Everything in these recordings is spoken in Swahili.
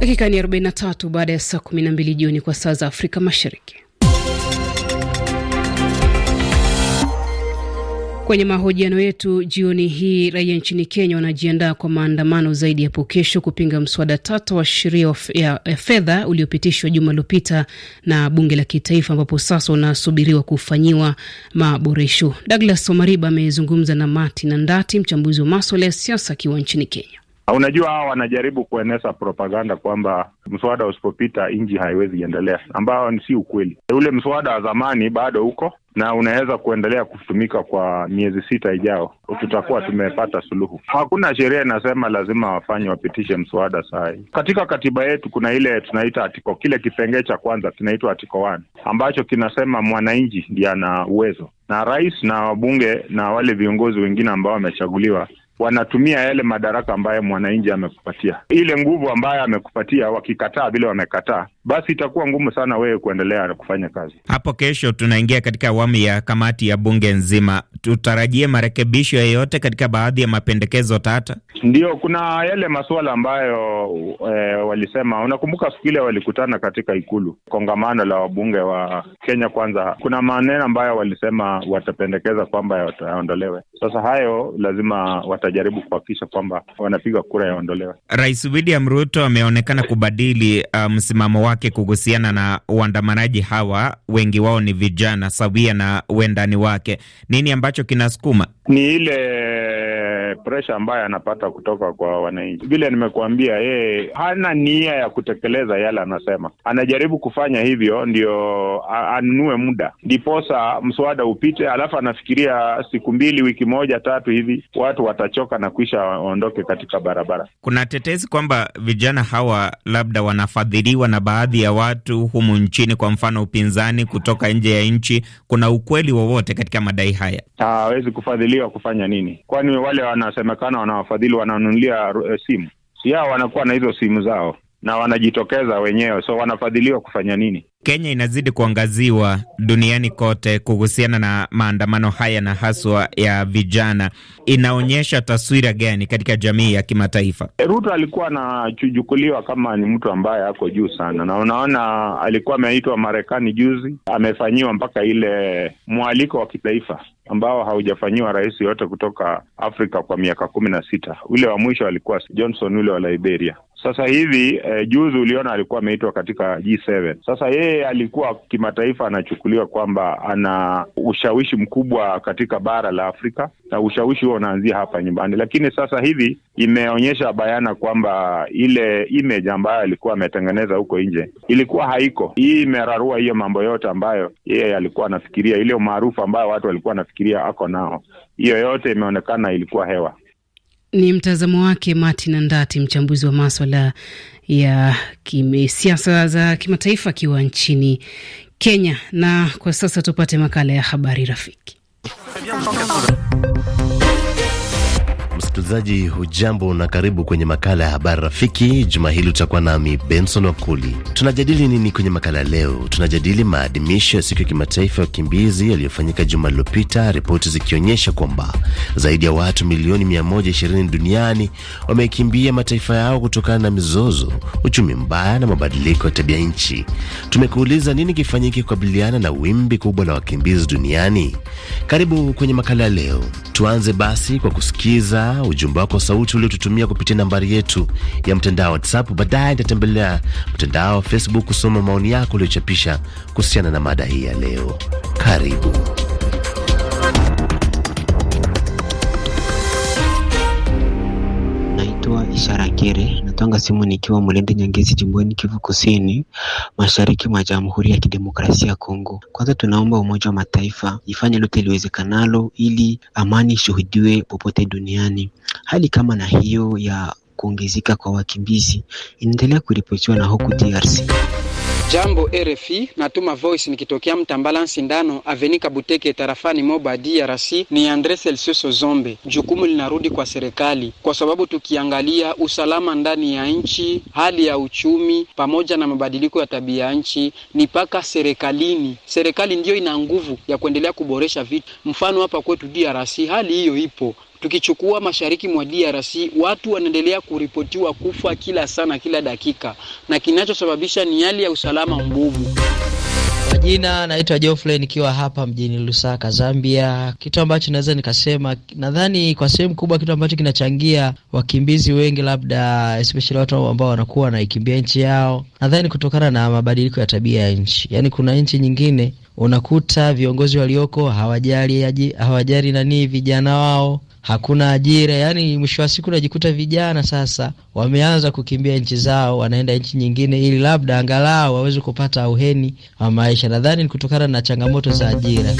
Dakika ni 43 baada ya saa 12 jioni kwa saa za Afrika Mashariki. Kwenye mahojiano yetu jioni hii, raia nchini Kenya wanajiandaa kwa maandamano zaidi hapo kesho kupinga mswada tata wa sheria ya fedha uliopitishwa juma lilopita na bunge la kitaifa, ambapo sasa unasubiriwa kufanyiwa maboresho. Douglas Omariba amezungumza na Martin Andati, mchambuzi wa maswala ya siasa akiwa nchini Kenya. Ah, unajua, hawa wanajaribu kueneza propaganda kwamba mswada usipopita nchi haiwezi endelea, ambao si ukweli. Ule mswada wa zamani bado uko na unaweza kuendelea kutumika kwa miezi sita ijao, tutakuwa tumepata suluhu. Hakuna sheria inasema lazima wafanye wapitishe mswada saa hii. Katika katiba yetu kuna ile tunaita atiko, kile kipengee cha kwanza kinaitwa atiko one, ambacho kinasema mwananchi ndiye ana uwezo, na rais na wabunge na wale viongozi wengine ambao wamechaguliwa wanatumia yale madaraka ambayo mwananchi amekupatia, ile nguvu ambayo amekupatia. Wakikataa vile wamekataa, basi itakuwa ngumu sana wewe kuendelea na kufanya kazi. Hapo kesho tunaingia katika awamu ya kamati ya bunge nzima, tutarajie marekebisho yeyote katika baadhi ya mapendekezo tata. Ndio, kuna yale masuala ambayo e, walisema. Unakumbuka siku ile walikutana katika ikulu, kongamano la wabunge wa Kenya Kwanza, kuna maneno ambayo walisema watapendekeza kwamba yataondolewe. Sasa hayo lazima watajaribu kuhakikisha kwamba wanapiga kura yaondolewe. Rais William Ruto ameonekana kubadili eh, msimamo wake wake kuhusiana na uandamanaji hawa, wengi wao ni vijana, sawia na wendani wake. Nini ambacho kinasukuma ni ile presha ambayo anapata kutoka kwa wananchi. Vile nimekuambia, yeye hana nia ya kutekeleza yale anasema, anajaribu kufanya hivyo ndio anunue muda, ndiposa mswada upite, alafu anafikiria siku mbili, wiki moja, tatu hivi watu watachoka na kuisha waondoke katika barabara. Kuna tetezi kwamba vijana hawa labda wanafadhiliwa na baadhi ya watu humu nchini, kwa mfano upinzani kutoka nje ya nchi. Kuna ukweli wowote katika madai haya? Hawezi kufadhiliwa kufanya nini? Kwani wale anasemekana wanawafadhili wananunulia eh, simu, yao wanakuwa na hizo simu zao na wanajitokeza wenyewe, so wanafadhiliwa kufanya nini? Kenya inazidi kuangaziwa duniani kote kuhusiana na maandamano haya na haswa ya vijana. Inaonyesha taswira gani katika jamii ya kimataifa? Eh, Ruto alikuwa anachujukuliwa kama ni mtu ambaye ako juu sana, na unaona alikuwa ameitwa Marekani juzi, amefanyiwa mpaka ile mwaliko wa kitaifa ambao haujafanyiwa rais yote kutoka Afrika kwa miaka kumi na sita. Ule wa mwisho alikuwa Johnson, ule wa Liberia. Sasa hivi eh, juzi uliona alikuwa ameitwa katika G7. Sasa yeye alikuwa kimataifa anachukuliwa kwamba ana ushawishi mkubwa katika bara la Afrika na ushawishi huo unaanzia hapa nyumbani, lakini sasa hivi imeonyesha bayana kwamba ile image ambayo alikuwa ametengeneza huko nje ilikuwa haiko. Hii imerarua hiyo mambo yote ambayo yeye alikuwa anafikiria, ile umaarufu ambayo watu walikuwa wanafikiria ako nao, hiyo yote imeonekana ilikuwa hewa. Ni mtazamo wake Martin Andati, mchambuzi wa maswala ya siasa za kimataifa akiwa nchini Kenya. Na kwa sasa tupate makala ya habari rafiki Msikilizaji hujambo na karibu kwenye makala ya habari rafiki. Juma hili utakuwa nami Benson Wakuli. Tunajadili nini kwenye makala leo? Tunajadili maadhimisho ya siku ya kimataifa ya wakimbizi yaliyofanyika juma lililopita, ripoti zikionyesha kwamba zaidi ya watu milioni 120 duniani wamekimbia mataifa yao kutokana na mizozo, uchumi mbaya na mabadiliko ya tabia nchi. Tumekuuliza nini kifanyike kukabiliana na wimbi kubwa la wakimbizi duniani. Karibu kwenye makala leo. Tuanze basi kwa kusikiza ujumbe wako sauti uliotutumia kupitia nambari yetu ya mtandao WhatsApp. Baadaye nitatembelea mtandao wa Facebook kusoma maoni yako uliochapisha kuhusiana na mada hii ya leo. Karibu. Naitwa Ishara Kere Tanga simu nikiwa Mulende Nyangezi jimboni Kivu Kusini Mashariki mwa Jamhuri ya Kidemokrasia ya Kongo. Kwanza tunaomba Umoja wa Mataifa ifanye lote liwezekanalo ili amani ishuhudiwe popote duniani. Hali kama na hiyo ya kuongezeka kwa wakimbizi inaendelea kuripotiwa na huku DRC. Jambo RFI, natuma voice nikitokea Mtambala Sindano Avenika Buteke tarafani Moba DRC. Ni Andre Celsius Zombe. Jukumu linarudi kwa serikali, kwa sababu tukiangalia usalama ndani ya nchi, hali ya uchumi pamoja na mabadiliko ya tabia ya nchi ni paka serikalini. Serikali ndiyo ina nguvu ya kuendelea kuboresha vitu. Mfano hapa kwetu DRC hali hiyo ipo, Tukichukua mashariki mwa DRC, watu wanaendelea kuripotiwa kufa kila sana kila dakika, na kinachosababisha ni hali ya usalama mbovu. Kwa jina naitwa Geoffrey nikiwa hapa mjini Lusaka, Zambia. Kitu ambacho naweza nikasema, nadhani kwa sehemu kubwa kitu ambacho kinachangia wakimbizi wengi, labda especially watu ambao wanakuwa wanaikimbia nchi yao, nadhani kutokana na mabadiliko ya tabia ya nchi. Yaani kuna nchi nyingine unakuta viongozi walioko hawajali hawajali nani vijana wao hakuna ajira. Yani mwisho wa siku unajikuta vijana sasa wameanza kukimbia nchi zao, wanaenda nchi nyingine, ili labda angalau waweze kupata auheni wa maisha. Nadhani ni kutokana na changamoto za ajira.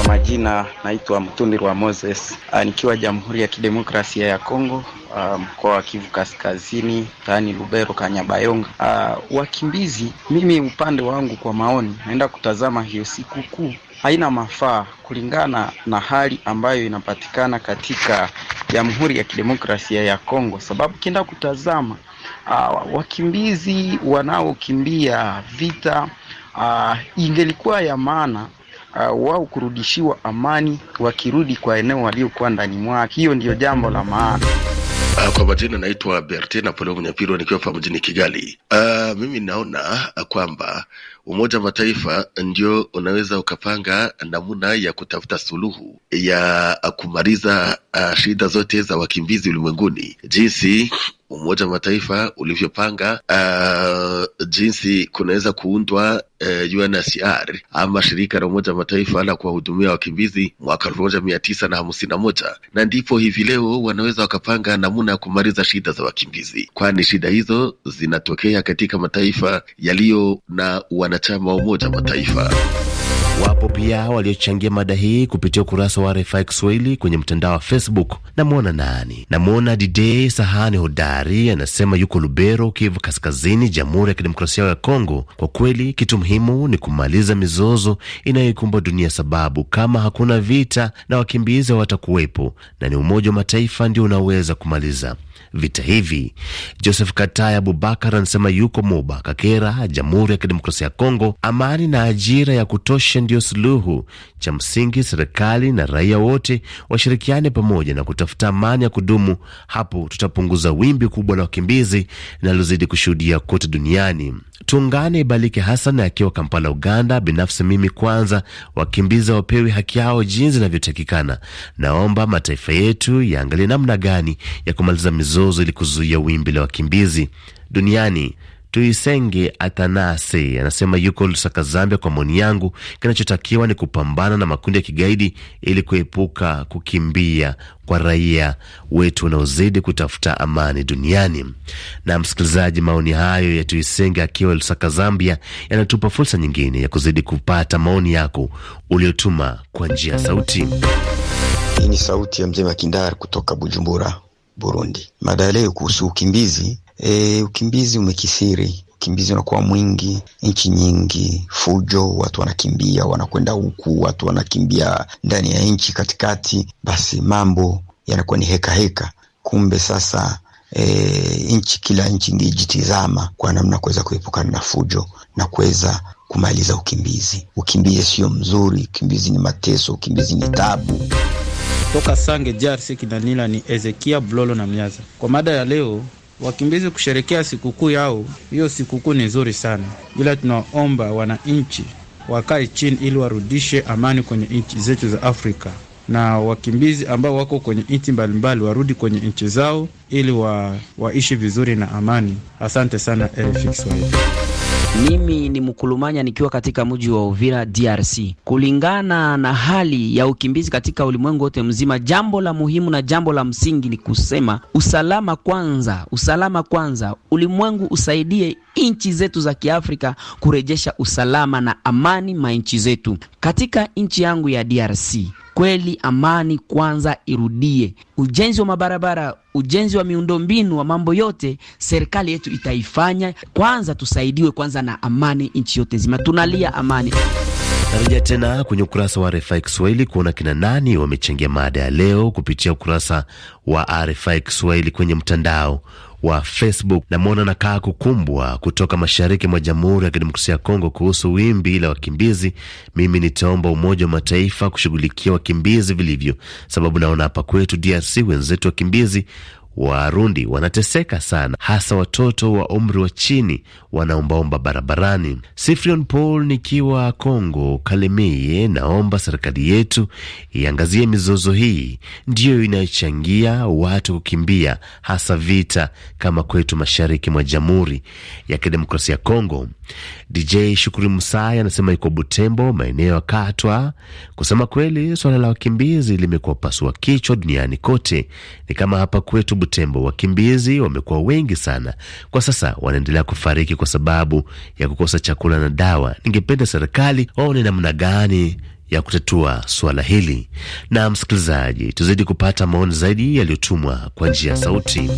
Kwa majina naitwa wa Moses, ah, nikiwa Jamhuri ya Kidemokrasia ya Kongo, ah, mkoa wa Kivu Kaskazini, mtaani Lubero, Kanyabayonga. Ah, wakimbizi mimi upande wangu, kwa maoni, naenda kutazama hiyo sikukuu haina mafaa kulingana na hali ambayo inapatikana katika Jamhuri ya Kidemokrasia ya Kongo, sababu kienda kutazama uh, wakimbizi wanaokimbia vita uh, ingelikuwa ya maana uh, wao kurudishiwa amani wakirudi kwa eneo waliokuwa ndani mwake. Hiyo ndiyo jambo la maana. Ah, kwa majina naitwa Berte Napoleo Mnyapirwa, nikiwa hapa mjini Kigali. Uh, mimi naona kwamba Umoja wa Mataifa ndio unaweza ukapanga namna ya kutafuta suluhu ya kumaliza ah, shida zote za wakimbizi ulimwenguni jinsi Umoja wa Mataifa ulivyopanga uh, jinsi kunaweza kuundwa uh, eh, UNHCR ama shirika la Umoja wa Mataifa la kuwahudumia wakimbizi mwaka elfu moja mia tisa na hamsini na moja na ndipo hivi leo wanaweza wakapanga namuna ya kumaliza shida za wakimbizi, kwani shida hizo zinatokea katika mataifa yaliyo na wana wanachama wa Umoja wa Mataifa. Wapo pia waliochangia mada hii kupitia ukurasa wa RFI Kiswahili kwenye mtandao wa Facebook. Namwona nani? Namwona Didei Sahani Hodari, anasema yuko Lubero, Kivu Kaskazini, Jamhuri ya Kidemokrasia ya Kongo. Kwa kweli, kitu muhimu ni kumaliza mizozo inayoikumba dunia, sababu kama hakuna vita na wakimbizi watakuwepo, na ni Umoja wa Mataifa ndio unaweza kumaliza vita hivi. Joseph Kataya Abubakar anasema yuko Moba Kakera, Jamhuri ya Kidemokrasia ya Kongo. Amani na ajira ya kutosha ndiyo suluhu. Cha msingi serikali na raia wote washirikiane pamoja na kutafuta amani ya kudumu. Hapo tutapunguza wimbi kubwa la wakimbizi linalozidi kushuhudia kote duniani. Tuungane. Balike Hasan akiwa Kampala, Uganda. Binafsi mimi kwanza, wakimbizi wapewi haki yao jinsi inavyotakikana. Naomba mataifa yetu yaangalie namna gani ya kumaliza mizozo mizozo ili kuzuia wimbi la wakimbizi duniani. Tuisenge Atanase anasema yuko Lusaka, Zambia. Kwa maoni yangu, kinachotakiwa ni kupambana na makundi ya kigaidi ili kuepuka kukimbia kwa raia wetu wanaozidi kutafuta amani duniani. Na msikilizaji, maoni hayo ya Tuisenge akiwa Lusaka, Zambia, yanatupa fursa nyingine ya kuzidi kupata maoni yako uliotuma kwa njia ya sauti. Hii ni sauti ya mzee makindar kutoka Bujumbura. Burundi. Mada ya leo kuhusu ukimbizi. E, ukimbizi umekisiri ukimbizi unakuwa mwingi, nchi nyingi, fujo, watu wanakimbia, wanakwenda huku, watu wanakimbia ndani ya nchi katikati, basi mambo yanakuwa ni heka heka. Kumbe sasa e, nchi kila nchi ingejitizama kwa namna kuweza kuepukana na fujo na kuweza kumaliza ukimbizi. Ukimbizi sio mzuri, ukimbizi ni mateso, ukimbizi ni tabu. Toka Sange Jarse kinanila ni Ezekia Blolo na Miaza. Kwa mada ya leo, wakimbizi kusherekea sikukuu yao, hiyo sikukuu ni nzuri sana, ila tunaomba wananchi wakae chini ili warudishe amani kwenye nchi zetu za Afrika, na wakimbizi ambao wako kwenye nchi mbalimbali warudi kwenye nchi zao ili wa, waishi vizuri na amani. Asante sana RFI Kiswahili. Mimi ni mkulumanya nikiwa katika mji wa Uvira DRC. Kulingana na hali ya ukimbizi katika ulimwengu wote mzima, jambo la muhimu na jambo la msingi ni kusema usalama kwanza, usalama kwanza. Ulimwengu usaidie nchi zetu za Kiafrika kurejesha usalama na amani ma zetu. Katika nchi yangu ya DRC kweli amani kwanza irudie. Ujenzi wa mabarabara, ujenzi wa miundombinu, wa mambo yote serikali yetu itaifanya. Kwanza tusaidiwe kwanza na amani, nchi yote nzima tunalia amani. Narejea tena kwenye ukurasa wa RFI Kiswahili kuona kina nani wamechangia mada ya leo kupitia ukurasa wa RFI Kiswahili kwenye mtandao wa Facebook. Namwona nakaa kukumbwa kutoka mashariki mwa Jamhuri ya Kidemokrasia ya Kongo kuhusu wimbi la wakimbizi. Mimi nitaomba Umoja wa Mataifa kushughulikia wakimbizi vilivyo, sababu naona hapa kwetu DRC wenzetu wakimbizi Warundi wanateseka sana, hasa watoto wa umri wa chini wanaombaomba barabarani. Sifrion Paul nikiwa Kongo Kalemie, naomba serikali yetu iangazie mizozo hii, ndiyo inayochangia watu kukimbia, hasa vita kama kwetu mashariki mwa Jamhuri ya Kidemokrasia ya Kongo. DJ Shukuri Musai anasema iko Butembo, maeneo ya Katwa. Kusema kweli, swala la wakimbizi limekuwa pasua kichwa duniani kote. Ni kama hapa kwetu Butembo, wakimbizi wamekuwa wengi sana. Kwa sasa wanaendelea kufariki kwa sababu ya kukosa chakula na dawa. Ningependa serikali waone namna gani ya kutatua suala hili. Na msikilizaji, tuzidi kupata maoni zaidi yaliyotumwa kwa njia ya sauti.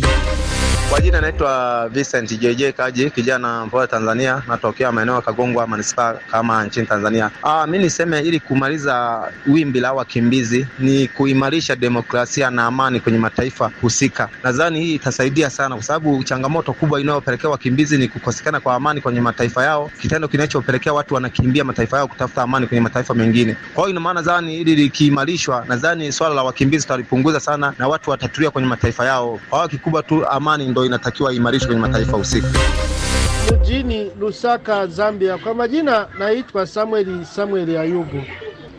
Kwa jina naitwa Vincent JJ Kaji, kijana mpoa Tanzania, natokea maeneo ya Kagongwa manispaa kama nchini Tanzania. Ah, mimi niseme ili kumaliza wimbi la wakimbizi ni kuimarisha demokrasia na amani kwenye mataifa husika. Nadhani hii itasaidia sana, kwa sababu changamoto kubwa inayopelekea wakimbizi ni kukosekana kwa amani kwenye mataifa yao, kitendo kinachopelekea watu wanakimbia mataifa yao kutafuta amani kwenye mataifa mengine. Kwa hiyo ina maana nadhani ili likiimarishwa, nadhani swala la wakimbizi tutalipunguza sana na watu watatulia kwenye mataifa yao. Kwa hiyo kikubwa tu amani ndio inatakiwa imarishwe kwenye mataifa husika. Mjini Lusaka, Zambia. Kwa majina naitwa samweli samweli Ayubu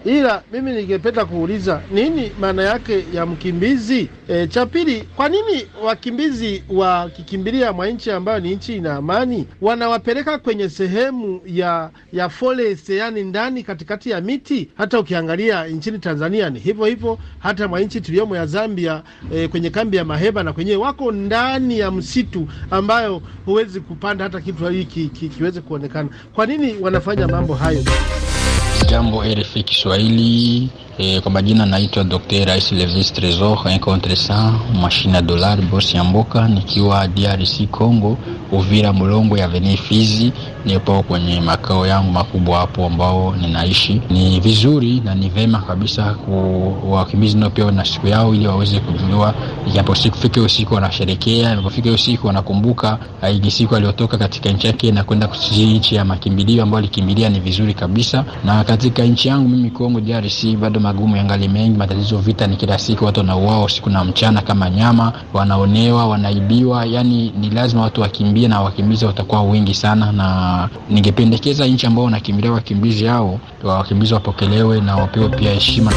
ila mimi ningependa kuuliza nini maana yake ya mkimbizi? E, cha pili, kwa nini wakimbizi wakikimbilia mwa nchi ambayo ni nchi ina amani wanawapeleka kwenye sehemu ya ya forest, yani ndani katikati ya miti? Hata ukiangalia nchini Tanzania ni hivyo hivyo, hata mwa nchi tuliyomo ya Zambia e, kwenye kambi ya Maheba na kwenyewe wako ndani ya msitu ambayo huwezi kupanda hata kitu hiki ki, ki, kiweze kuonekana. Kwa nini wanafanya mambo hayo? Jambo RFI Kiswahili. E, kwa majina naitwa Dr. Rais Levis Tresor Incontresa mashina dolari bosi ya mboka, nikiwa DRC Congo, Uvira Mulongo ya Veni nipo kwenye makao yangu makubwa hapo ambao ninaishi. Ni vizuri na ni vema kabisa kuwakimbizi nao pia na siku yao, ili waweze kujua, japo siku fike usiku wanasherekea, inapofika usiku wanakumbuka aigi ah, siku aliyotoka katika nchi yake na kwenda nchi ya makimbilio ambayo alikimbilia. Ni vizuri kabisa. Na katika nchi yangu mimi Kongo DRC, bado magumu yangali mengi, matatizo, vita ni kila siku, watu wanauawa usiku na mchana kama nyama, wanaonewa, wanaibiwa, yani ni lazima watu wakimbie na wakimbizi watakuwa wengi sana na ningependekeza nchi ambao wanakimbilia wakimbizi hao, wakimbizi wapokelewe na wapewe pia heshima.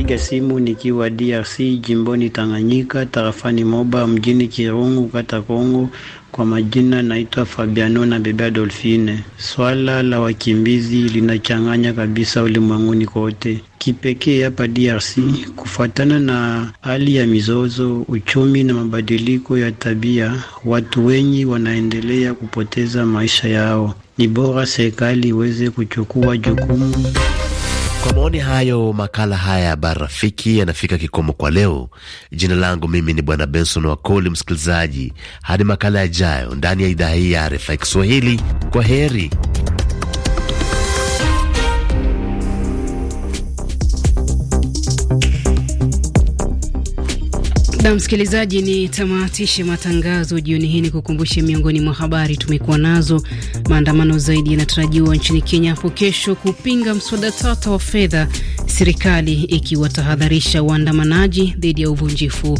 Napiga simu nikiwa DRC jimboni Tanganyika tarafani Moba mjini Kirungu kata Kongo. Kwa majina naitwa Fabiano na Bebe Dolfine. Swala la wakimbizi linachanganya kabisa ulimwenguni kote, kipekee hapa DRC kufuatana na hali ya mizozo, uchumi na mabadiliko ya tabia. Watu wengi wanaendelea kupoteza maisha yao. Ni bora serikali iweze kuchukua jukumu kwa maoni hayo, makala haya ya bara Rafiki yanafika kikomo kwa leo. Jina langu mimi ni Bwana Benson Wakoli. Msikilizaji, hadi makala yajayo ndani ya idhaa hii ya RFI Kiswahili, kwa heri. na msikilizaji, ni tamatishe matangazo jioni hii, ni kukumbushe miongoni mwa habari tumekuwa nazo. Maandamano zaidi yanatarajiwa nchini Kenya hapo kesho kupinga mswada tata wa fedha, serikali ikiwatahadharisha waandamanaji dhidi ya uvunjifu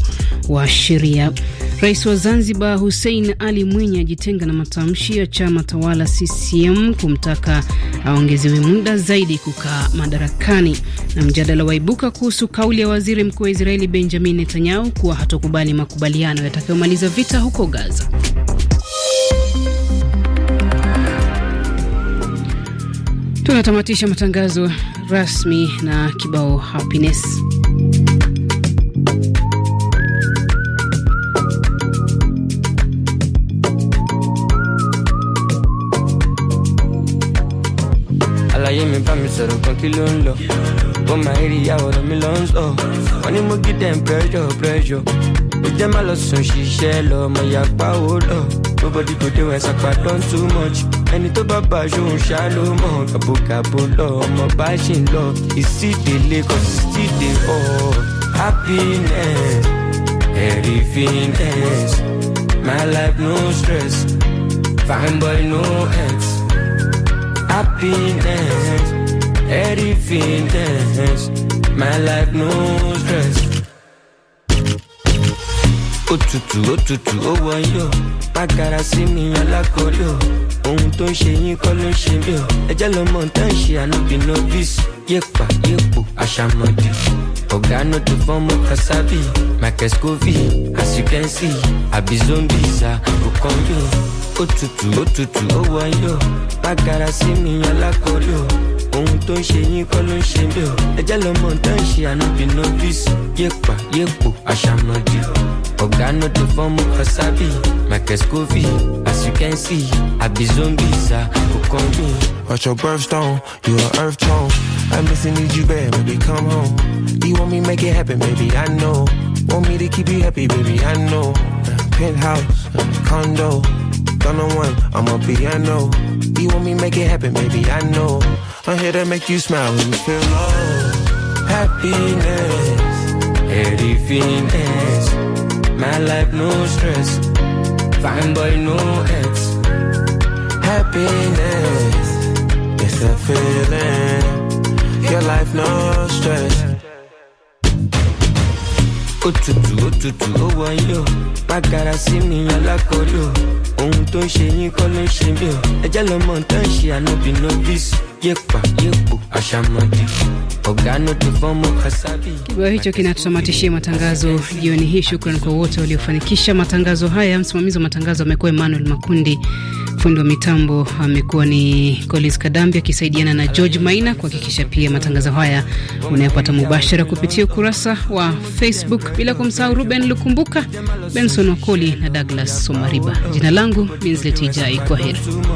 wa sheria. Rais wa Zanzibar Hussein Ali Mwinyi ajitenga na matamshi ya chama tawala CCM kumtaka aongezewe muda zaidi kukaa madarakani. Na mjadala waibuka kuhusu kauli ya waziri mkuu wa Israeli Benjamin Netanyahu kuwa hatokubali makubaliano yatakayomaliza vita huko Gaza. Tunatamatisha matangazo rasmi na kibao happiness. kan kilo ń lọ. Wọ́n máa rí ìyàwó rẹ̀ mi lọ sọ. Wọ́n ní mo gí dem pressure pressure. Ó jẹ́ má lọ sùn ṣiṣẹ́ lọ, mo yà pa owó lọ. Nobody go dey when sapa don too much. Ẹni tó bá bá aṣọ òun mọ̀. Gàbogàbo lọ, ọmọ bá ṣì ń lọ. Ìsídèlé kan sídè ọ̀. Happiness, everythingness. My life no stress, fine boy no ex. Happiness. Eri fin tens Man like no stress O tu tu, o tu tu, o wan yo Pa gara simi wala koryo O mton shen yi kolon shen byo E jalo montan shi anopi no vis Yekpa, yekpo, asha mandi O gano tu fomo kasa vi Ma kesko vi, as you can see A bizon biza, a pokon yo O tu tu, o tu tu, o wan yo Pa gara simi wala koryo ohun tó ń ṣe yín kọ́ ló ń ṣe mí o ẹjẹ́ lọmọ tó ń ṣe ànábì yépa yépo àṣàmọ̀dì ọ̀gá no dey fọ́ọ̀mù kọ́sábì michael scovey as you can see àbí zombies à kò kàn mí. At your birthstone, you an earth tone. I miss and need you bad, baby, come home. You want me make it happen, baby, I know. Want me to keep you happy, baby, I know. Penthouse, condo, don't know one, I'm a piano you want me, make it happen, baby, I know. I'm here to make you smile and feel love, happiness. Everything is my life, no stress. Fine boy, no ex. Happiness, it's a feeling. Your life, no stress. òtútù òtútù ó wọ yó mákàrà sí mi alákòóló ohun tó ń ṣe yín kọ́ ló ń ṣe mí o ẹjẹ́ lọ́mọ tó ń ṣe ànóbì nobis yepa yepo àṣàmọ̀dì Kibao hicho kinatutamatishia matangazo jioni hii. Shukran kwa wote waliofanikisha matangazo haya. Msimamizi wa matangazo amekuwa Emmanuel Makundi. Fundi wa mitambo amekuwa ni Collins Kadambi akisaidiana na George Maina kuhakikisha pia matangazo haya unayopata mubashara kupitia ukurasa wa Facebook, bila kumsahau Ruben Lukumbuka, Benson Wakoli na Douglas Somariba. Jina langu Minzleti Ijai, kwa heri.